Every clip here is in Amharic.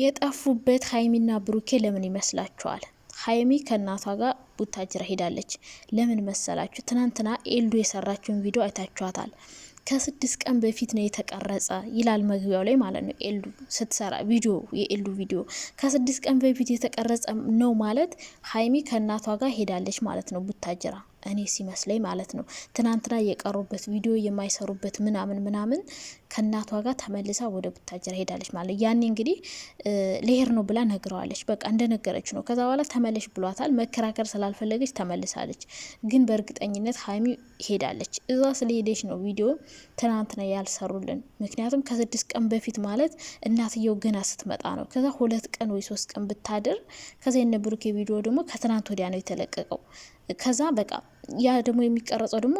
የጠፉበት ሀይሚና ብሩኬ ለምን ይመስላችኋል? ሀይሚ ከእናቷ ጋር ቡታጅራ ሄዳለች። ለምን መሰላችሁ? ትናንትና ኤልዱ የሰራችውን ቪዲዮ አይታችኋታል። ከስድስት ቀን በፊት ነው የተቀረጸ ይላል መግቢያው ላይ ማለት ነው። ኤልዱ ስትሰራ ቪዲዮ የኤልዱ ቪዲዮ ከስድስት ቀን በፊት የተቀረጸ ነው ማለት ሀይሚ ከእናቷ ጋር ሄዳለች ማለት ነው ቡታጅራ እኔ ሲመስለኝ ማለት ነው። ትናንትና የቀሩበት ቪዲዮ የማይሰሩበት ምናምን ምናምን ከእናቷ ጋር ተመልሳ ወደ ቡታጀራ ሄዳለች ማለት ያኔ እንግዲህ ልሄድ ነው ብላ ነግረዋለች። በቃ እንደነገረች ነው። ከዛ በኋላ ተመለሽ ብሏታል። መከራከር ስላልፈለገች ተመልሳለች። ግን በእርግጠኝነት ሀይሚ ሄዳለች። እዛ ስለሄደች ነው ቪዲዮ ትናንትና ያልሰሩልን። ምክንያቱም ከስድስት ቀን በፊት ማለት እናትየው ገና ስትመጣ ነው። ከዛ ሁለት ቀን ወይ ሶስት ቀን ብታድር ከዚ የነ ቪዲዮ ደግሞ ከትናንት ወዲያ ነው የተለቀቀው። ከዛ በቃ ያ ደግሞ የሚቀረጸው ደግሞ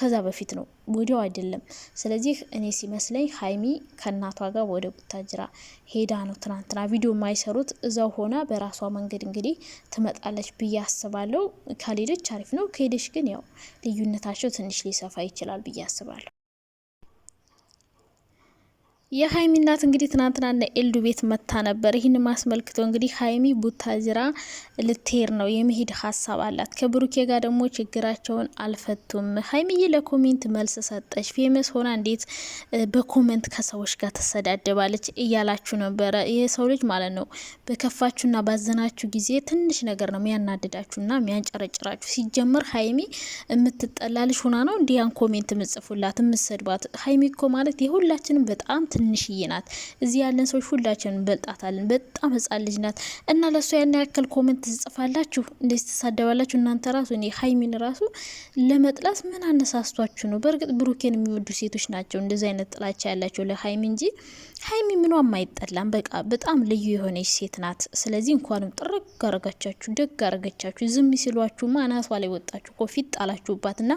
ከዛ በፊት ነው፣ ወዲያው አይደለም። ስለዚህ እኔ ሲመስለኝ ሀይሚ ከእናቷ ጋር ወደ ቡታጅራ ሄዳ ነው ትናንትና ቪዲዮ የማይሰሩት እዛው ሆና በራሷ መንገድ እንግዲህ ትመጣለች ብዬ አስባለሁ። ካልሄደች አሪፍ ነው፣ ከሄደች ግን ያው ልዩነታቸው ትንሽ ሊሰፋ ይችላል ብዬ አስባለሁ። የሀይሚ እናት እንግዲህ ትናንትና ና ኤልዱ ቤት መታ ነበር። ይህን አስመልክቶ እንግዲህ ሀይሚ ቡታጅራ ልትሄድ ነው የመሄድ ሀሳብ አላት። ከብሩኬ ጋር ደግሞ ችግራቸውን አልፈቱም። ሀይሚዬ ለኮሜንት መልስ ሰጠች። ፌመስ ሆና እንዴት በኮሜንት ከሰዎች ጋር ተሰዳደባለች እያላችሁ ነበረ። ይህ ሰው ልጅ ማለት ነው በከፋችሁና ባዘናችሁ ጊዜ ትንሽ ነገር ነው የሚያናድዳችሁና የሚያንጨረጭራችሁ። ሲጀምር ሀይሚ የምትጠላልሽ ሆና ነው እንዲያን ኮሜንት ምጽፉላት የምሰድባት። ሀይሚ እኮ ማለት የሁላችንም በጣም ትንሽዬ ናት። እዚህ ያለን ሰዎች ሁላችንን እንበልጣታለን። በጣም ህጻን ልጅ ናት እና ለእሷ ያን ያክል ኮመንት ትጽፋላችሁ፣ እንደዚህ ትሳደባላችሁ። እናንተ ራሱ እኔ ሀይሚን ራሱ ለመጥላት ምን አነሳስቷችሁ ነው? በእርግጥ ብሩኬን የሚወዱ ሴቶች ናቸው እንደዚህ አይነት ጥላቻ ያላቸው ለሀይሚ እንጂ ሀይሚ ምኗም አይጠላም። በቃ በጣም ልዩ የሆነች ሴት ናት። ስለዚህ እንኳንም ጥርግ አረጋቻችሁ፣ ደግ አረገቻችሁ። ዝም ሲሏችሁ ማናቷ ላይ ወጣችሁ ኮፊት ጣላችሁባት ና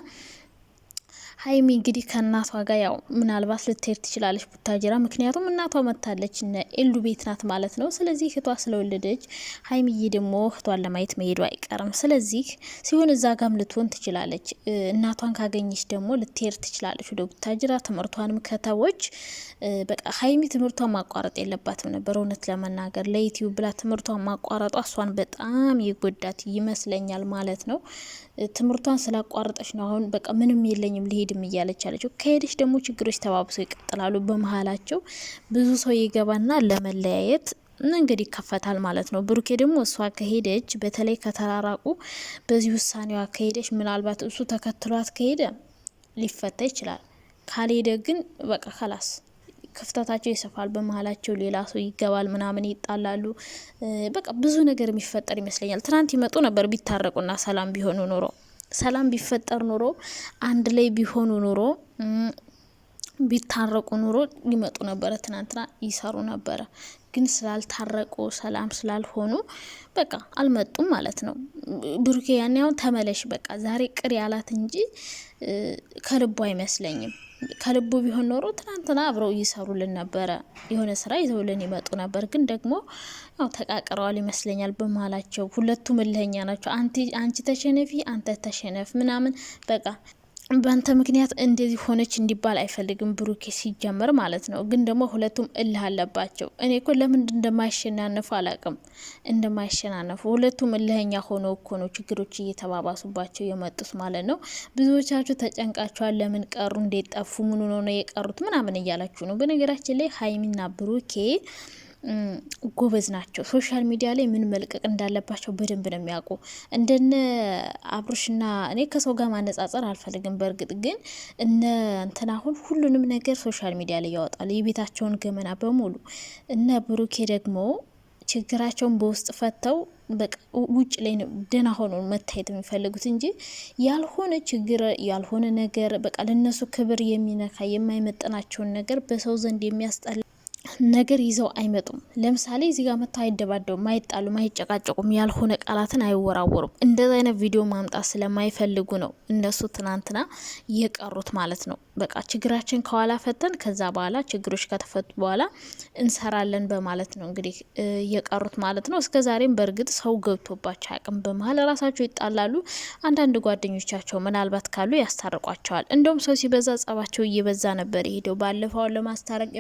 ሀይሚ እንግዲህ ከእናቷ ጋር ያው ምናልባት ልትሄድ ትችላለች ቡታጅራ። ምክንያቱም እናቷ መታለች እነ ኤሉ ቤት ናት ማለት ነው። ስለዚህ እህቷ ስለወለደች ሀይሚዬ ደግሞ እህቷን ለማየት መሄዱ አይቀርም። ስለዚህ ሲሆን እዛ ጋም ልትሆን ትችላለች። እናቷን ካገኘች ደግሞ ልትሄድ ትችላለች ወደ ቡታጅራ። ትምህርቷንም ከተቦች በቃ ሀይሚ ትምህርቷን ማቋረጥ የለባትም ነበር እውነት ለመናገር ለዩቲዩብ ብላ ትምህርቷን ማቋረጧ እሷን በጣም የጎዳት ይመስለኛል ማለት ነው። ትምህርቷን ስላቋረጠች ነው አሁን በቃ ምንም የለኝም ሊሄድ አልሄድም እያለች ያለችው። ከሄደች ደግሞ ችግሮች ተባብሰው ይቀጥላሉ። በመሀላቸው ብዙ ሰው ይገባና ለመለያየት መንገድ ይከፈታል ማለት ነው። ብሩኬ ደግሞ እሷ ከሄደች በተለይ ከተራራቁ በዚህ ውሳኔዋ ከሄደች ምናልባት እሱ ተከትሏት ከሄደ ሊፈታ ይችላል። ካልሄደ ግን በቃ ከላስ ክፍተታቸው ይሰፋል። በመሀላቸው ሌላ ሰው ይገባል፣ ምናምን ይጣላሉ። በቃ ብዙ ነገር የሚፈጠር ይመስለኛል። ትናንት ይመጡ ነበር ቢታረቁና ሰላም ቢሆኑ ኑሮ ሰላም ቢፈጠር ኑሮ አንድ ላይ ቢሆኑ ኑሮ ቢታረቁ ኑሮ ሊመጡ ነበረ፣ ትናንትና ይሰሩ ነበረ። ግን ስላልታረቁ ሰላም ስላልሆኑ በቃ አልመጡም ማለት ነው። ብሩኬ ያኔ ተመለሽ በቃ ዛሬ ቅር ያላት እንጂ ከልቡ አይመስለኝም። ከልቡ ቢሆን ኖሮ ትናንት እንትና አብረው እየሰሩልን ነበረ። የሆነ ስራ ይዘውልን ይመጡ ነበር። ግን ደግሞ ያው ተቃቅረዋል ይመስለኛል በማላቸው ሁለቱም እልህኛ ናቸው። አንቺ ተሸነፊ፣ አንተ ተሸነፍ ምናምን በቃ በአንተ ምክንያት እንደዚህ ሆነች እንዲባል አይፈልግም ብሩኬ ሲጀመር ማለት ነው። ግን ደግሞ ሁለቱም እልህ አለባቸው። እኔ እኮ ለምን እንደማይሸናነፉ አላቅም። እንደማይሸናነፉ ሁለቱም እልህኛ ሆኖ እኮ ነው ችግሮች እየተባባሱባቸው የመጡት ማለት ነው። ብዙዎቻችሁ ተጨንቃችኋል። ለምን ቀሩ፣ እንዴት ጠፉ፣ ምኑ ነው የቀሩት ምናምን እያላችሁ ነው። በነገራችን ላይ ሀይሚና ብሩኬ ጎበዝ ናቸው። ሶሻል ሚዲያ ላይ ምን መልቀቅ እንዳለባቸው በደንብ ነው የሚያውቁ። እንደነ አብሮሽና እኔ ከሰው ጋር ማነጻጸር አልፈልግም። በእርግጥ ግን እነ እንትን አሁን ሁሉንም ነገር ሶሻል ሚዲያ ላይ ያወጣሉ፣ የቤታቸውን ገመና በሙሉ። እነ ብሩኬ ደግሞ ችግራቸውን በውስጥ ፈተው በቃ ውጭ ላይ ደህና ሆኖ መታየት የሚፈልጉት እንጂ ያልሆነ ችግር ያልሆነ ነገር በቃ ለነሱ ክብር የሚነካ የማይመጠናቸውን ነገር በሰው ዘንድ የሚያስጠላ ነገር ይዘው አይመጡም። ለምሳሌ እዚህ ጋር መጥተው አይደባደቡም፣ አይጣሉም፣ አይጨቃጨቁም፣ ያልሆነ ቃላትን አይወራወሩም። እንደዚ አይነት ቪዲዮ ማምጣት ስለማይፈልጉ ነው እነሱ ትናንትና የቀሩት ማለት ነው። በቃ ችግራችን ከኋላ ፈተን ከዛ በኋላ ችግሮች ከተፈቱ በኋላ እንሰራለን በማለት ነው እንግዲህ የቀሩት ማለት ነው። እስከ ዛሬም በእርግጥ ሰው ገብቶባቸው አያውቅም። በመሀል ራሳቸው ይጣላሉ። አንዳንድ ጓደኞቻቸው ምናልባት ካሉ ያስታርቋቸዋል። እንደውም ሰው ሲበዛ ጸባቸው እየበዛ ነበር የሄደው። ባለፈው ለማስታረቅ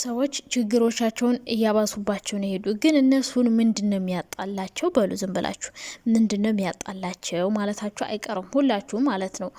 ሰዎች ችግሮቻቸውን እያባሱባቸው ነው ሄዱ። ግን እነሱን ምንድን ነው የሚያጣላቸው? በሉ ዝም ብላችሁ ምንድን ነው የሚያጣላቸው ማለታችሁ አይቀርም ሁላችሁ ማለት ነው።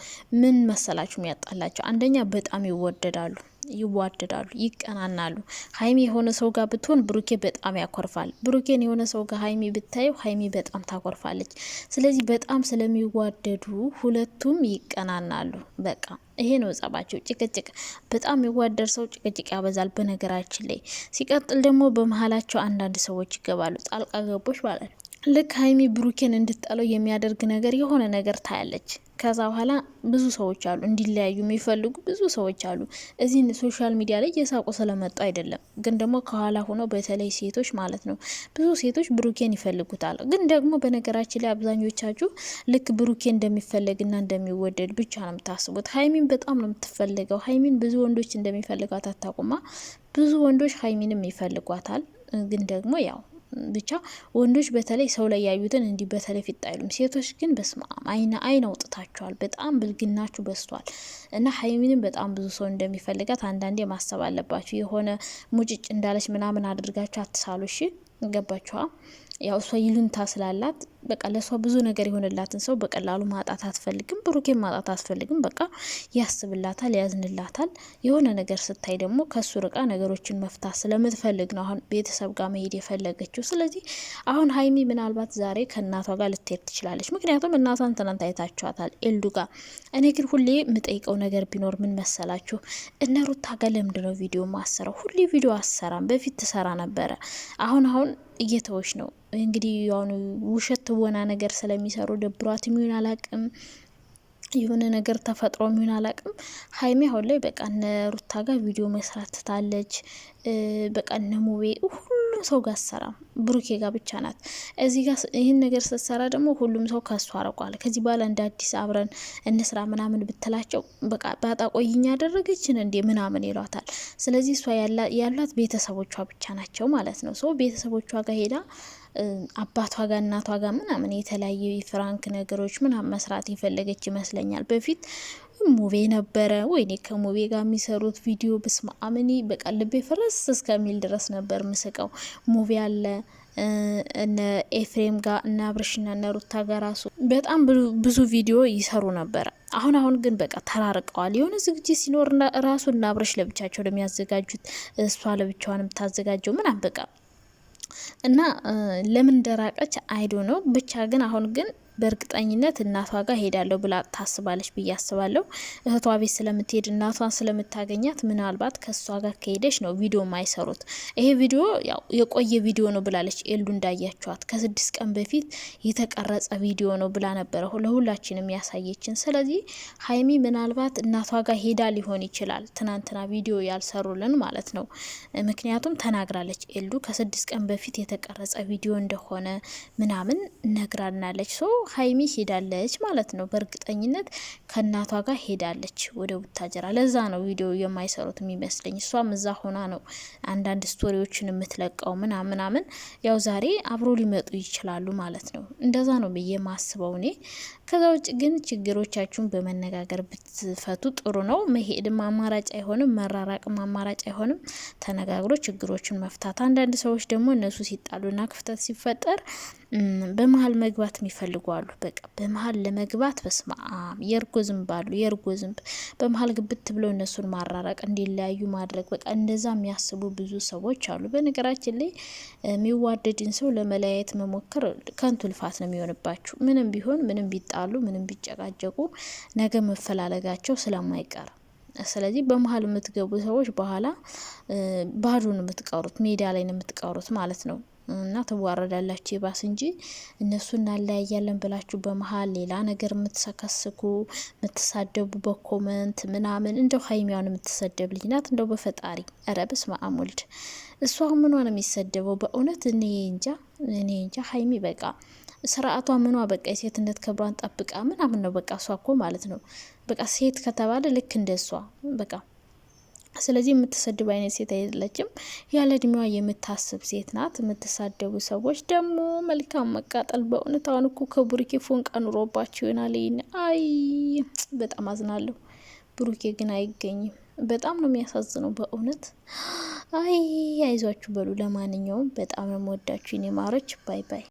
ምን መሰላችሁ የሚያጣላቸው? አንደኛ በጣም ይወደዳሉ። ይዋደዳሉ፣ ይቀናናሉ። ሀይሚ የሆነ ሰው ጋር ብትሆን ብሩኬ በጣም ያኮርፋል። ብሩኬን የሆነ ሰው ጋር ሀይሚ ብታየው ሀይሚ በጣም ታኮርፋለች። ስለዚህ በጣም ስለሚዋደዱ ሁለቱም ይቀናናሉ። በቃ ይሄ ነው ጸባቸው፣ ጭቅጭቅ። በጣም የሚዋደድ ሰው ጭቅጭቅ ያበዛል። በነገራችን ላይ ሲቀጥል ደግሞ በመሀላቸው አንዳንድ ሰዎች ይገባሉ፣ ጣልቃ ገቦች ማለት ነው። ልክ ሀይሚ ብሩኬን እንድትጠለው የሚያደርግ ነገር የሆነ ነገር ታያለች። ከዛ በኋላ ብዙ ሰዎች አሉ እንዲለያዩ የሚፈልጉ ብዙ ሰዎች አሉ። እዚህ ሶሻል ሚዲያ ላይ የሳቁ ስለመጡ አይደለም፣ ግን ደግሞ ከኋላ ሆኖ በተለይ ሴቶች ማለት ነው። ብዙ ሴቶች ብሩኬን ይፈልጉታል። ግን ደግሞ በነገራችን ላይ አብዛኞቻችሁ ልክ ብሩኬ እንደሚፈለግና እንደሚወደድ ብቻ ነው የምታስቡት። ሀይሚን በጣም ነው የምትፈልገው። ሀይሚን ብዙ ወንዶች እንደሚፈልጓት አታቁማ። ብዙ ወንዶች ሀይሚንም ይፈልጓታል። ግን ደግሞ ያው ብቻ ወንዶች በተለይ ሰው ላይ ያዩትን እንዲህ በተለይ ፊጣ አይሉም። ሴቶች ግን በስማም አይነ አይን አውጥታችኋል። በጣም ብልግናችሁ በስቷል። እና ሀይሚንም በጣም ብዙ ሰው እንደሚፈልጋት አንዳንዴ ማሰብ አለባችሁ። የሆነ ሙጭጭ እንዳለች ምናምን አድርጋችሁ አትሳሉ። እሺ ገባችኋ? ያው እሷ ይሉንታ ስላላት በቃ ለእሷ ብዙ ነገር የሆነላትን ሰው በቀላሉ ማጣት አትፈልግም። ብሩኬን ማጣት አትፈልግም። በቃ ያስብላታል፣ ያዝንላታል። የሆነ ነገር ስታይ ደግሞ ከእሱ ርቃ ነገሮችን መፍታት ስለምትፈልግ ነው አሁን ቤተሰብ ጋር መሄድ የፈለገችው። ስለዚህ አሁን ሀይሚ ምናልባት ዛሬ ከእናቷ ጋር ልትሄድ ትችላለች። ምክንያቱም እናቷን ትናንት አይታችኋታል ኤልዱ ጋር። እኔ ግን ሁሌ የምጠይቀው ነገር ቢኖር ምን መሰላችሁ? እነ ሩታ ጋር ለምንድነው ቪዲዮ ማሰራው? ሁሌ ቪዲዮ አሰራም። በፊት ትሰራ ነበረ። አሁን አሁን እየተወች ነው እንግዲህ የሆኑ ውሸት ትወና ነገር ስለሚሰሩ ደብሯት የሚሆን አላቅም የሆነ ነገር ተፈጥሮ የሚሆን አላቅም። ሀይሚ አሁን ላይ በቃ እነ ሩታ ጋር ቪዲዮ መስራት ትታለች። በቃ እነ ሙቤ ሁሉም ሰው ጋር ሰራ ብሩኬ ጋር ብቻ ናት። እዚህ ጋር ይህን ነገር ስትሰራ ደግሞ ሁሉም ሰው ከሱ አርቋል። ከዚህ በኋላ እንደ አዲስ አብረን እንስራ ምናምን ብትላቸው በቃ ቆይኝ ያደረገችን እንዴ ምናምን ይሏታል። ስለዚህ እሷ ያሏት ቤተሰቦቿ ብቻ ናቸው ማለት ነው። ሰው ቤተሰቦቿ ጋር ሄዳ አባቷ ጋር እናቷ ጋር ምናምን የተለያዩ የፍራንክ ነገሮች ምናምን መስራት የፈለገች ይመስለኛል። በፊት ሙቤ ነበረ። ወይኔ ከሙቤ ጋር የሚሰሩት ቪዲዮ ብስማአምኒ በቃ ልቤ ፍረስ እስከሚል ድረስ ነበር ምስቀው። ሙቤ አለ እነ ኤፍሬም ጋር እና አብርሽና እነ ሩታ ጋር ራሱ በጣም ብዙ ቪዲዮ ይሰሩ ነበረ። አሁን አሁን ግን በቃ ተራርቀዋል። የሆነ ዝግጅት ሲኖር ራሱ እና አብርሽ ለብቻቸው ለሚያዘጋጁት የሚያዘጋጁት፣ እሷ ለብቻዋን የምታዘጋጀው ምናምን በቃ እና ለምን ደራቀች አይዶ ነው ብቻ ግን አሁን ግን በእርግጠኝነት እናቷ ጋር ሄዳለሁ ብላ ታስባለች ብዬ አስባለሁ። እህቷ ቤት ስለምትሄድ እናቷን ስለምታገኛት ምናልባት ከእሷ ጋር ከሄደች ነው ቪዲዮ ማይሰሩት። ይሄ ቪዲዮ ያው የቆየ ቪዲዮ ነው ብላለች ኤልዱ እንዳያቸዋት ከስድስት ቀን በፊት የተቀረጸ ቪዲዮ ነው ብላ ነበረ ለሁላችንም ያሳየችን። ስለዚህ ሀይሚ ምናልባት እናቷ ጋር ሄዳ ሊሆን ይችላል ትናንትና ቪዲዮ ያልሰሩልን ማለት ነው። ምክንያቱም ተናግራለች ኤልዱ ከስድስት ቀን በፊት የተቀረጸ ቪዲዮ እንደሆነ ምናምን ነግራናለች ሰው ሀይሚ ሄዳለች ማለት ነው። በእርግጠኝነት ከእናቷ ጋር ሄዳለች ወደ ቡታጀራ። ለዛ ነው ቪዲዮ የማይሰሩት የሚመስለኝ። እሷም እዛ ሆና ነው አንዳንድ ስቶሪዎችን የምትለቀው ምናምን ምናምን። ያው ዛሬ አብሮ ሊመጡ ይችላሉ ማለት ነው። እንደዛ ነው ብዬ ማስበው እኔ። ከዛ ውጭ ግን ችግሮቻችሁን በመነጋገር ብትፈቱ ጥሩ ነው። መሄድም አማራጭ አይሆንም፣ መራራቅም አማራጭ አይሆንም። ተነጋግሮ ችግሮችን መፍታት። አንዳንድ ሰዎች ደግሞ እነሱ ሲጣሉና ክፍተት ሲፈጠር በመሀል መግባት የሚፈልጉ አሉ። በቃ በመሀል ለመግባት በስማም የእርጎ ዝንብ አሉ። የእርጎ ዝንብ በመሀል ግብት ብለው እነሱን ማራራቅ፣ እንዲለያዩ ማድረግ በቃ እንደዛ የሚያስቡ ብዙ ሰዎች አሉ። በነገራችን ላይ የሚዋደድን ሰው ለመለያየት መሞከር ከንቱ ልፋት ነው የሚሆንባችሁ። ምንም ቢሆን ምንም ቢጣሉ ምንም ቢጨቃጨቁ ነገ መፈላለጋቸው ስለማይቀር ስለዚህ በመሀል የምትገቡ ሰዎች በኋላ ባዶን የምትቀሩት ሜዳ ላይ ነው የምትቀሩት ማለት ነው። እና ትዋረዳላችሁ የባስ እንጂ እነሱ እናለያያለን ብላችሁ በመሀል ሌላ ነገር የምትሰከስኩ የምትሳደቡ በኮመንት ምናምን እንደው ሀይሚያን የምትሰደብ ልጅ ናት። እንደው በፈጣሪ ኧረ በስመ አብ ወልድ እሷ ምኗ ነው የሚሰደበው? በእውነት እኔ እንጃ እኔ እንጃ። ሀይሚ በቃ ስርዓቷ ምኗ በቃ የሴትነት ክብሯን ጠብቃ ምናምን ነው በቃ እሷ እኮ ማለት ነው በቃ ሴት ከተባለ ልክ እንደ እሷ በቃ ስለዚህ የምትሰድብ አይነት ሴት አይደለችም። ያለ እድሜዋ የምታስብ ሴት ናት። የምትሳደቡ ሰዎች ደግሞ መልካም መቃጠል። በእውነት አሁን እኮ ከቡሩኬ ፎንቃ ኑሮባቸው ይሆናል። አይ በጣም አዝናለሁ። ብሩኬ ግን አይገኝም። በጣም ነው የሚያሳዝነው በእውነት አይ አይዟችሁ በሉ። ለማንኛውም በጣም ነው የምወዳችሁ የኔ ማሮች። ባይ ባይ።